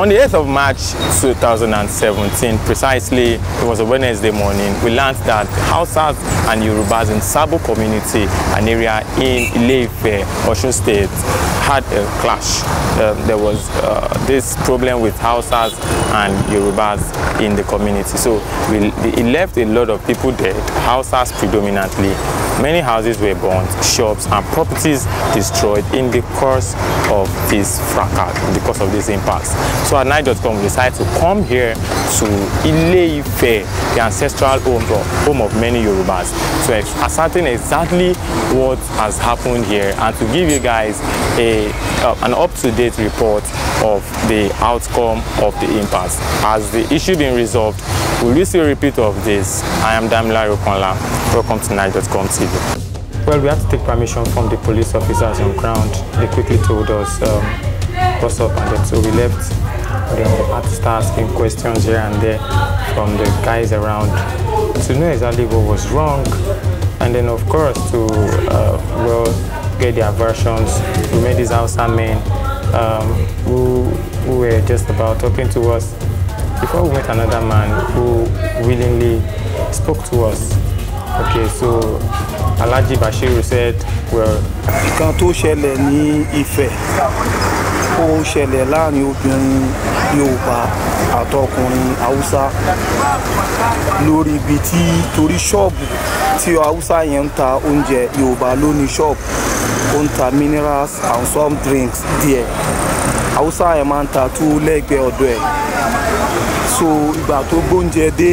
On the 8th of March 2017, precisely, it was a Wednesday morning, we learned that Hausas and Yorubas in Sabo community, an area in Ileife, Osun State, had a clash. Uh, there was uh, this problem with Hausas and Yorubas in the community. So we, it left a lot of people dead, Hausas predominantly. Many houses were burnt, shops and properties destroyed in the course of this fracas, because of this impasse. So at night.com, we decided to come here to Ile-Ife, the ancestral home of, home of many Yorubas, to ascertain exactly what has happened here and to give you guys a, uh, an up-to-date report of the outcome of the impasse. Has the issue been resolved? Will we see a repeat of this? I am Damila Rokonla. Welcome to night.com TV. Well, we had to take permission from the police officers on ground. They quickly told us um, up and then so we left then the artist started asking questions here and there from the guys around to know exactly what was wrong and then of course to uh, well get their versions we made these Hausa men um, who, who were just about talking to us before we met another man who willingly spoke to us okay so Alhaji Bashiru said, well. Nǹkan tó ṣẹlẹ̀ ní Ifẹ̀ ó ṣẹlẹ̀ láàrin obìnrin Yorùbá àtọkùnrin Haúsá lórí ibi tí torí ṣọ́ọ̀bù tí Haúsá yẹn ń ta oúnjẹ Yorùbá ló ní ṣọ́ọ̀bù ó ń ta minerals and some drinks díẹ̀ Haúsá yẹn máa ń ta tú lẹ́gbẹ̀ẹ́ ọ̀dọ̀ ẹ̀ so ìgbà tó gbóúnjẹ dé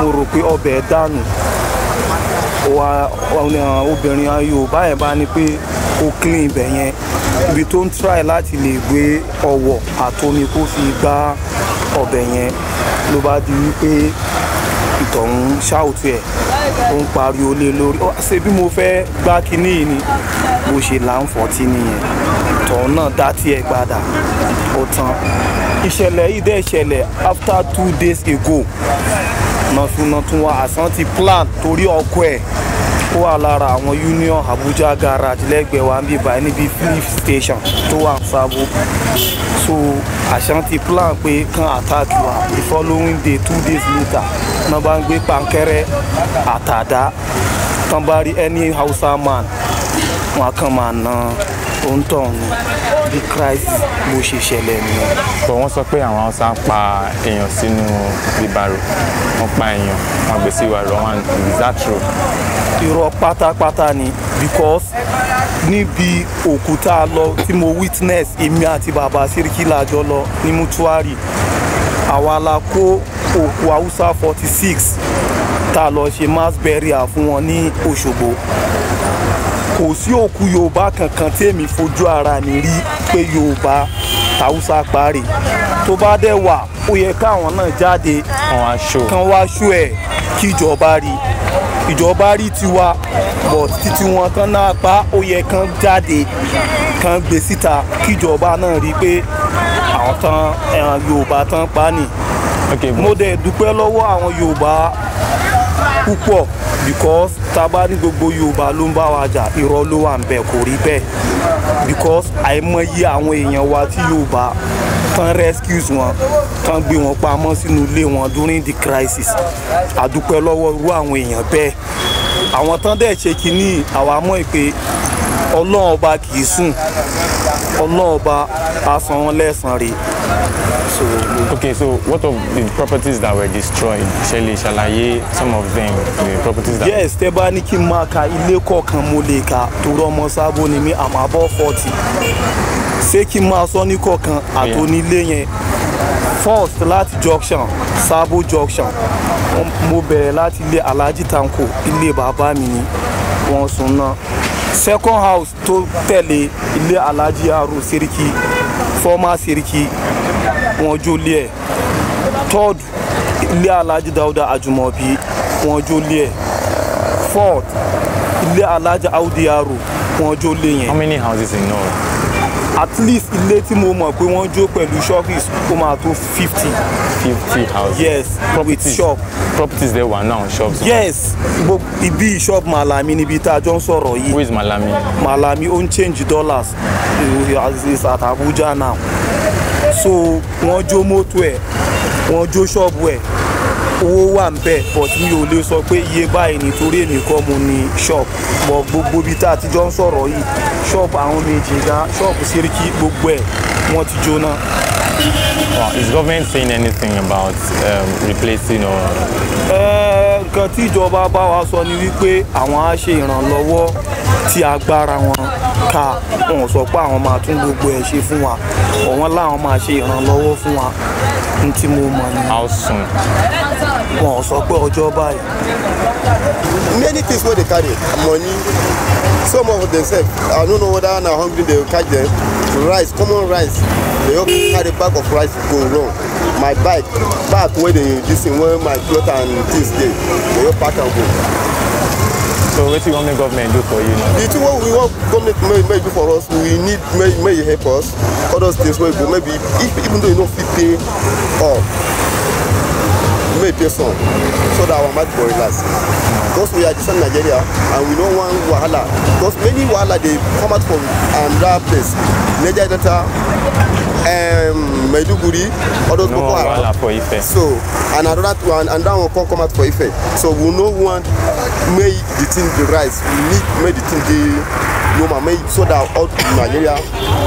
mo rò pé ọbẹ̀ dànù Uh, obìnrin uh, Yorùbá yẹn bá ní pé kó clean ibẹ̀ yẹn ibi tó ń try láti lè gbé ọwọ́ àtomi kó fi gbá ọbẹ̀ yẹn ló bá di wípé ìtọ̀hún ṣáòtú ẹ̀ ó ń pariwo lé lórí ṣé bí mo fẹ́ gbá kinní yìí ni mo ṣe láǹfọ̀tí nìyẹn ìtọ̀hún náà dá tiẹ̀ padà ó tán ìṣẹ̀lẹ̀ yìí dẹ̀ ṣẹlẹ̀ after two days ago nọ́túnà tún wá àsántì plan torí ọkọ ẹ̀ ó wà lára àwọn union abuja garage lẹ́gbẹ̀ẹ́ wa níbi báyìí níbi filif station tó wà sábò so àsántì plan pé kan attack wa the following day two days later náà bá ń gbé pankẹ́rẹ́ àtàdá tán bá rí any hausa man wọn kàn máa na òǹtọ̀ ni bí Christ bó ṣe ṣẹlẹ̀ ni. bọ̀ wọ́n sọ pé àwọn haúsá pa èèyàn sínú bíbárò wọ́n pa èèyàn wọ́n gbé sí ìwàrò wọn is that true. irọ́ pátápátá ni because níbi òkúta lọ tí mo witness èmi àti bàbá síríkì làjọ lọ ní mùtúárì àwa la kó òkú haúsá forty six tá a lọ ṣe mass burial fún wọn ní Òṣogbo kò sí òkú yorùbá kankan tí èmi fojú ara mi rí pé yorùbá tàwùsà parí tó bá dẹ̀ wà ó yẹ káwọn náà jáde kan wá ṣó ẹ̀ kí rí ìjọba rí tiwa but títí wọn kan náà pa ó yẹ kan jáde kan gbé síta kíjọba náà rí pé àwọn tán ẹran yorùbá tán pa ni mo dẹ̀ dúpẹ́ lọ́wọ́ àwọn yorùbá púpọ̀ because tá a bá ní gbogbo Yorùbá ló ń bá wa jà irọ́ ló wà ń bẹ̀ kò rí bẹ́ẹ̀ because àìmọye àwọn èèyàn wa tí Yorùbá tán rescues wọn tán gbé wọn pamọ́ sínú ilé wọn during the crisis àdúpẹ́ lọ́wọ́ irú àwọn èèyàn bẹ́ẹ̀ àwọn tán dẹ̀ ṣe kínní àwa mọ̀ pé ọlọ́run ọba kì í sùn ọlọ́ọ̀ba asan lẹ́sàn rè. okay so what of the properties that were destroyed ṣe lè ṣàlàyé some of them the properties that. yes tẹ́ bá ní kí n máa ka ilé kọ̀ọ̀kan mo lè kà torí ọmọ sábò ni mí àmọ́ abọ́ fọ́ọ̀tì ṣé kí n máa sọ ní kọ̀ọ̀kan àtònílé yẹn first láti junction sabo junction mo bẹ̀rẹ̀ láti ilé alhaji tanko ilé bàbá mi ni wọ́n sùn náà second house tó tẹ̀lé ilé alhaji aro seriki former seriki wọn jólé ẹ̀ third ilé alhaji dauda ajumobi wọn jólé ẹ̀ fourth ilé alhaji audu aro wọn jólé yẹn. how many houses in all at least ilé tí mo mọ̀ pé wọ́n jó pẹ̀lú shoppies ó máa tó fifty. fifty houses yes properties shop. properties dey wà now shops. yes ibi shop malami níbi tá a jọ ń sọ̀rọ̀ yìí. who is malami. malami ó change dollars he eh, is at abuja now so wọ́n jó mọ́tò ẹ̀ wọ́n jó shop ẹ̀ owó wà ń bẹ̀ but mi ò lè sọ pé iye báyìí nítorí èmi kọ́ mo ní shop mọ gbogbo ibi tá a ti jọ ń sọ̀rọ̀ yìí shop àwọn méjì dá shop Seriki gbogbo ẹ̀ wọ́n ti jóná. Well, is government saying anything about um, replacing or? Eh, nǹkan tí ìjọba bá wa sọ ni wípé àwọn á ṣe ìrànlọ́wọ́ ti agbára wọn ká wọn sọ pé àwọn máa tún gbogbo ẹ̀ ṣe fún wa ọ̀wọ́n láwọn máa ṣe ìrànlọ́wọ́ fún wa n tí mo mọ̀ ni. how sọ pé ọjọ́ báyìí. many things wey dey carry money some of them themselves i no know whether na hungry dey catch them rice common rice dey help carry bag of rice go run. my bike bag wey dey use when my cloth and things dey dey help pack am go. So what do you want the government do for you? Now? The thing what we want government may, may do for us, we need may, may help us. Other things will go maybe if even though you don't fit pay off. Oh, pay some so that our market go relax because we are just in nigeria and we no wan wahala because many wahala dey come out from another um, place niger delta um, Maiduguri, all those no Haram. So, and another one, and that one come, come out for Ife. So we no want make the thing the rise. We need make the thing the normal, make so that all Nigeria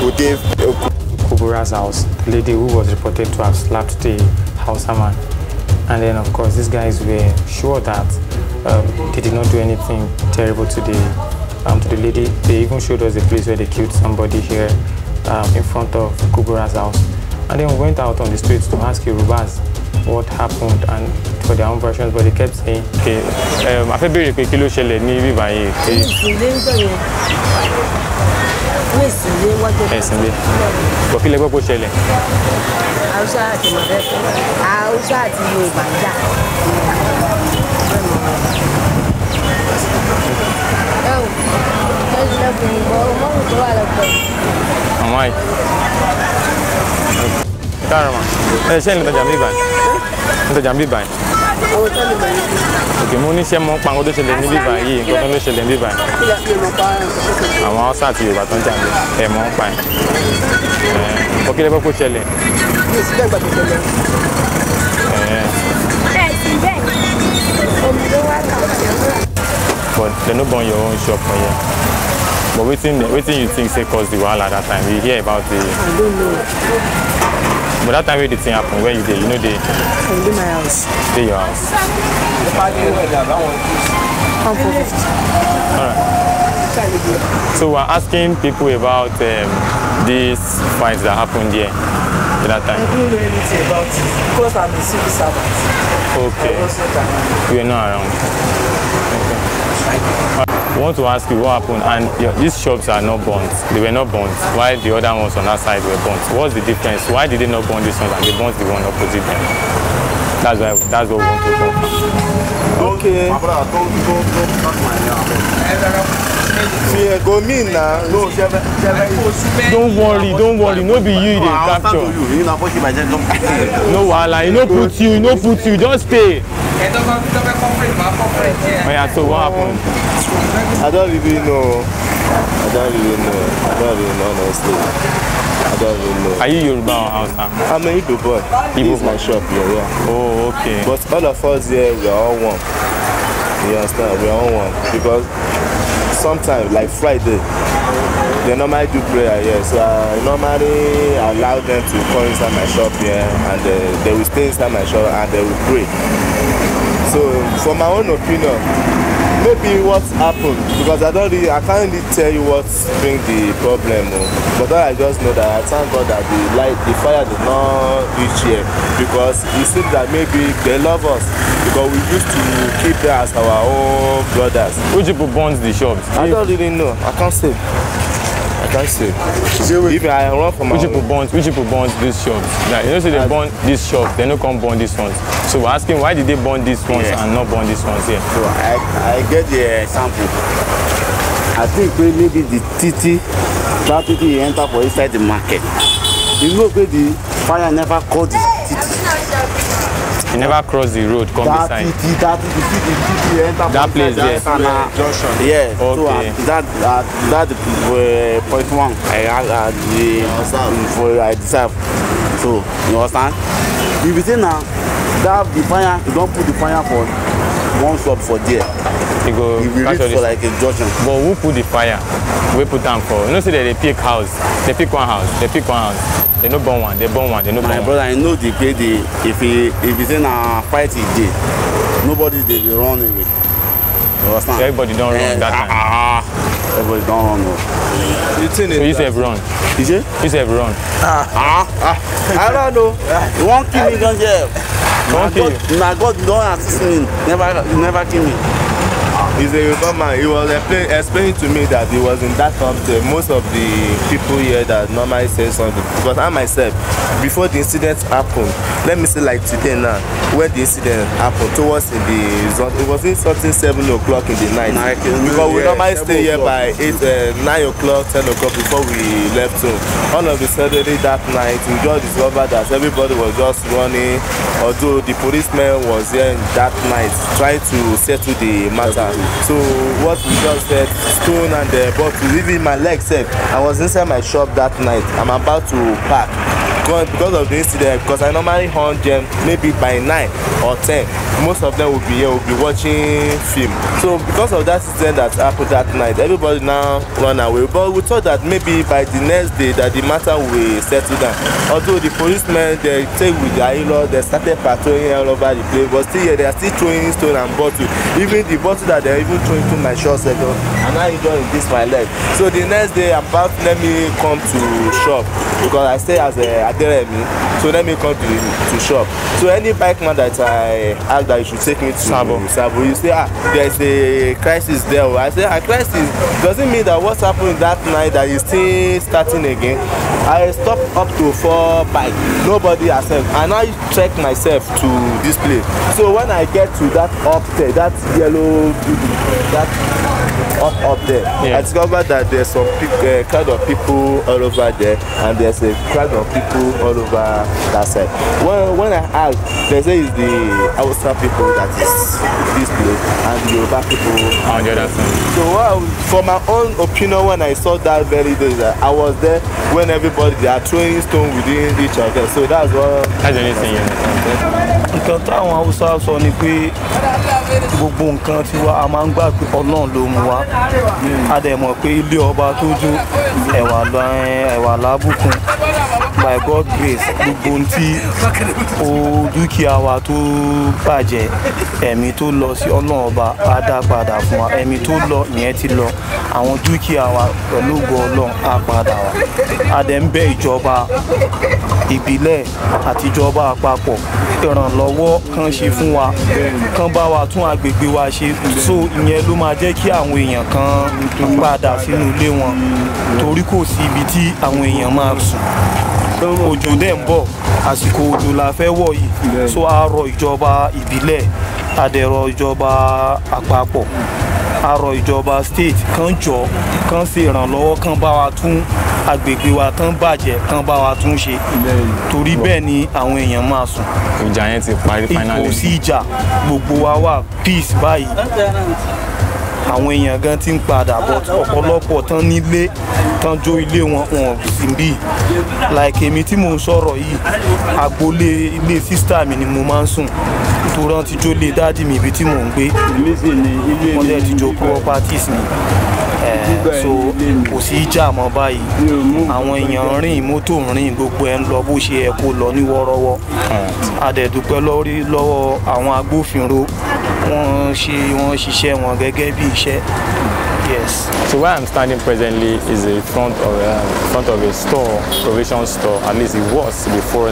will give. Uh, Kubura's house, lady who was reported to have slapped the Hausa man And then, of course, these guys were sure that um, they did not do anything terrible to the, um, to the lady. They even showed us the place where they killed somebody here um, in front of Kubura's house. And then we went out on the streets to ask Yorubas what happened and for their own versions, but they kept saying, okay, um, I feel very quick, kí let me ní by you." ẹ̀sìn gbé bọ̀ kí lẹ gbọ́ kó ṣẹlẹ̀. haúsá àti mọ̀lẹ́kọ́ haúsá àti yorùbá jà. àwọn àyè. Karama. Eh, ṣé n lè tajà bí báyìí? N tajà bí báyìí. Òkè mo ní ṣé mo pa àwọn tó ṣẹlẹ̀ ní bí báyìí, nǹkan tó ló ṣẹlẹ̀ ní bí báyìí. Àwọn Hausa àti Yorùbá tó ń jà ẹ̀ mọ́ ń pa ẹ̀. Ọkẹ́ eh, lẹ́gbẹ́ kó ṣẹlẹ̀. Eh, but they no buy your own shop for you. But wetin wetin you think say cause the wall at that time? We hear about the. I don't know but that time where the thing happened, where you dey you know dey. i dey my house. dey your house. the party wey dey about one piece. one alright so we're asking people about um, this fight that happened there that time? I didn't know anything about it because I'm the civil servant. Okay. We are not around. Okay want to ask you what happened and your, these shops are not burnt they were not burnt while the other ones on that side were burnt what's the difference why did they not burn this one and they burnt the one opposite them that's why that's what we want to know. okay. my brother don't don't don't cut my hair. See, go mean now. No, don't worry, don't worry. No be you they capture. No wahala, e no put you, e no put you. Just stay. Oh yeah, so what happened? I don't really know. I don't really know. I don't really know, honestly. I don't really know. Are you Yoruba or Hausa? I'm an Igbo boy. Igbo my shop here, yeah, Oh, okay. But all of us here, we are all one. You understand? We are all one. Because sometimes, like Friday, they normally do prayer here. So I normally allow them to come inside my shop here and uh, they will stay inside my shop and they will pray. So, for my own opinion, maybe what happened because I don't really, I can't really tell you what bring the problem. Oh. But I just know that I thank God that the light, the fire did not reach here because it seems that maybe they love us because we used to keep them as our own brothers. Which people burns the shops? I don't really know. I can't say. I can't say. If I run from which people burn, which people burn this shop? Like, you know, say they burn this shop, they no come burn this one. So we're asking why did they burn this one yeah. and not burn this one here? So I, I get the uh, sample. I think maybe the titi, that titi enter for inside the market. You know, the fire never caught You never cross the road, come that beside. That it, that it, you the city enter that place there. Yes. And, junction. Yeah. Okay. So uh, that uh, that uh, point one I uh, the mm, for I deserve. So you understand? If you see now that the fire, you don't put the fire for one stop for there. You go. you reach for like a junction. But who put the fire? wey put am for you know say they dey pick house dey pick one house dey pick one house dem no born one dem born one dem no born one. my brother i know the way dey if e if e say na fight e dey nobody dey dey run away you understand. everybody don run eh, that ah, time. Ah, ah. everybody don run o. the thing is so you sef run. you say. you sef run. ah ah ah i don't know. you wan kill me Don't there. you wan kill you. na god don assist me never never kill me he's a reformer. He was explaining to me that he was in that company. Most of the people here that normally say something. Because I myself, before the incident happened, let me say like today now, when the incident happened, towards in the zone, it was in something 7 o'clock in the night. night because yeah, we normally stay here by eight, uh, 9 o'clock, 10 o'clock before we left home. All of a sudden that night, we just discovered that everybody was just running, although the policeman was here that night trying to settle the matter. So what we just said, stone and the uh, bottle, even my leg sef. I was inside my shop that night. I'm about to pack because, because of the incident eh, because i normally hunt them maybe by nine or ten most of them will be here will be watching film so because of that incident that happened that night everybody now run away but we thought that maybe by the next day that the matter will settle down although the policemen dey take with their in-law dey started patrolling all over the place but still yeah, they are still throwing stone and bottle even the bottle that they even throw into my shop sef oh, and i enjoy in this my leg so the next day about let me come to shop because i stay as a Aderemi. So let me come to to shop. So any bike man that I ask that you should take me to Sabo, Sabo you say ah there's a crisis there. I say ah crisis doesn't mean that what's happened that night that is still starting again. I stop up to four bike. Nobody accept. And I check myself to this place. So when I get to that up there, that yellow building, that up up there. Yeah. I discover that there's some pe- uh, eh, crowd of people all over there, and there's a crowd of people people all over that side. When, when I ask, they say it's the Hausa people that is this place and the other people. On the other side. So well, for my own opinion, when I saw that very day, I was there when everybody they are throwing stone within each other. So that's what. That's the Nǹkan táwọn Hausa sọ ni pé gbogbo nǹkan tí wa a máa ń gbà pé Ọlọ́run ló mú wa a dẹ̀ mọ̀ pé ilé ọba tó jó ẹ̀wà lábùkún by God grace gbogbo ohun tí o dúkìá wa tó bàjẹ́ ẹ̀mí tó lọ sí ọlọ́run ọba á dá padà fún wa ẹ̀mí tó lọ ìyẹn ti lọ àwọn dúkìá wa pẹ̀lú ògo ọlọ́run á padà wá adẹ̀ ń bẹ ìjọba ìbílẹ̀ àtijọba àpapọ̀ ìrànlọ́wọ́ kan ṣe fún wa kan bá wa tún agbègbè wa ṣe so ìyẹn ló máa jẹ́ kí àwọn èèyàn kan padà sínú ilé wọn torí kò sí ibi tí àwọn èèyàn máa sùn òjò dẹ̀ ń bọ̀ àsìkò òjò la fẹ́ wọ̀ yìí so a rọ ìjọba ìbílẹ̀ a dẹ̀ rọ ìjọba àpapọ̀ a rọ ìjọba state kan jọ kan ṣe ìrànlọ́wọ́ kan bá wa tún agbègbè wa tán bàjẹ́ kan bá wa tún ṣe torí bẹ́ẹ̀ ni àwọn èèyàn máa sùn. ìjà yẹn ti parí finally. ìkò sí ìjà gbogbo wa wà peace báyìí àwọn èèyàn gan ti ń padà bọ̀ ọ̀pọ̀lọpọ̀ tán nílé tán jó ilé wọn wọn sì ń bì like èmi tí mò ń sọ̀rọ̀ yìí agboolé ilé sísítà mi ni mo máa ń sùn torí wọn ti jó lé dáàdì mi ibi tí mò ń gbé wọn dẹ̀ ti jó properties mi eh, so kò sí ìjà mọ́ báyìí àwọn èèyàn rìn mọ́tò rìn gbogbo ẹ̀ ń lọ bó ṣe ẹ̀ kó lọ ní wọ́ọ́rọ́wọ́ a dẹ̀ dúpẹ́ lọ́wọ́ àwọn agbófinró wọ́n ṣe wọ́n ṣiṣẹ́ wọn gẹ́gẹ́ bí iṣẹ́. Yes. So where I'm standing presently is in front of, a uh, front of a store, provision store, at least it was before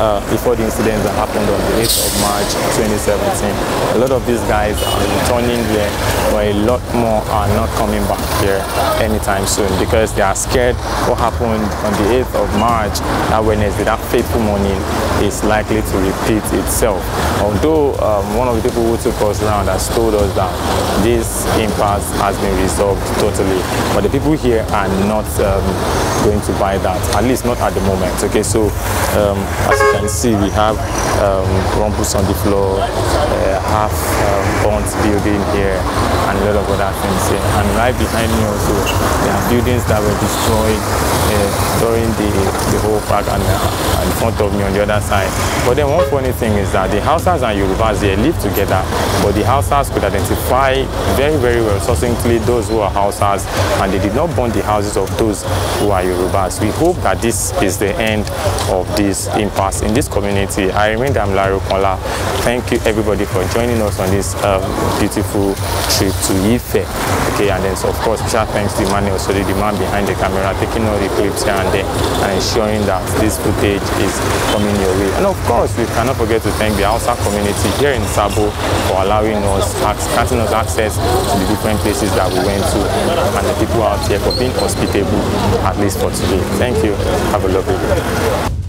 uh, before the incident that happened on the 8th of March 2017. A lot of these guys are returning here, but a lot more are not coming back here anytime soon because they are scared what happened on the 8th of March, that Wednesday, that fateful morning is likely to repeat itself. Although um, one of the people who took us around has told us that this impasse has been resolved totally, but the people here are not um, going to buy that at least not at the moment okay so um, as you can see we have um, rumpus on the floor uh, half um, burnt building here and a lot of other things here and right behind me also there are buildings that were destroyed uh, during the, the whole park and uh, in front of me on the other side but then one funny thing is that the houses and Yorubas here live together but the houses could identify very very well succinctly those who are houses, and they did not burn the houses of those who are Yorubas. We hope that this is the end of this impasse in this community. I remain Larry Kola. Thank you everybody for joining us on this um, beautiful trip to Ife day. And then, so of course, special thanks to the man, also the man behind the camera, taking all the clips here and there and ensuring that this footage is coming your way. And of course, we cannot forget to thank the Hausa community here in Sabo for allowing us, granting us access to the different places that we went to and the people out here for being hospitable, at least for today. Thank you. Have a lovely day.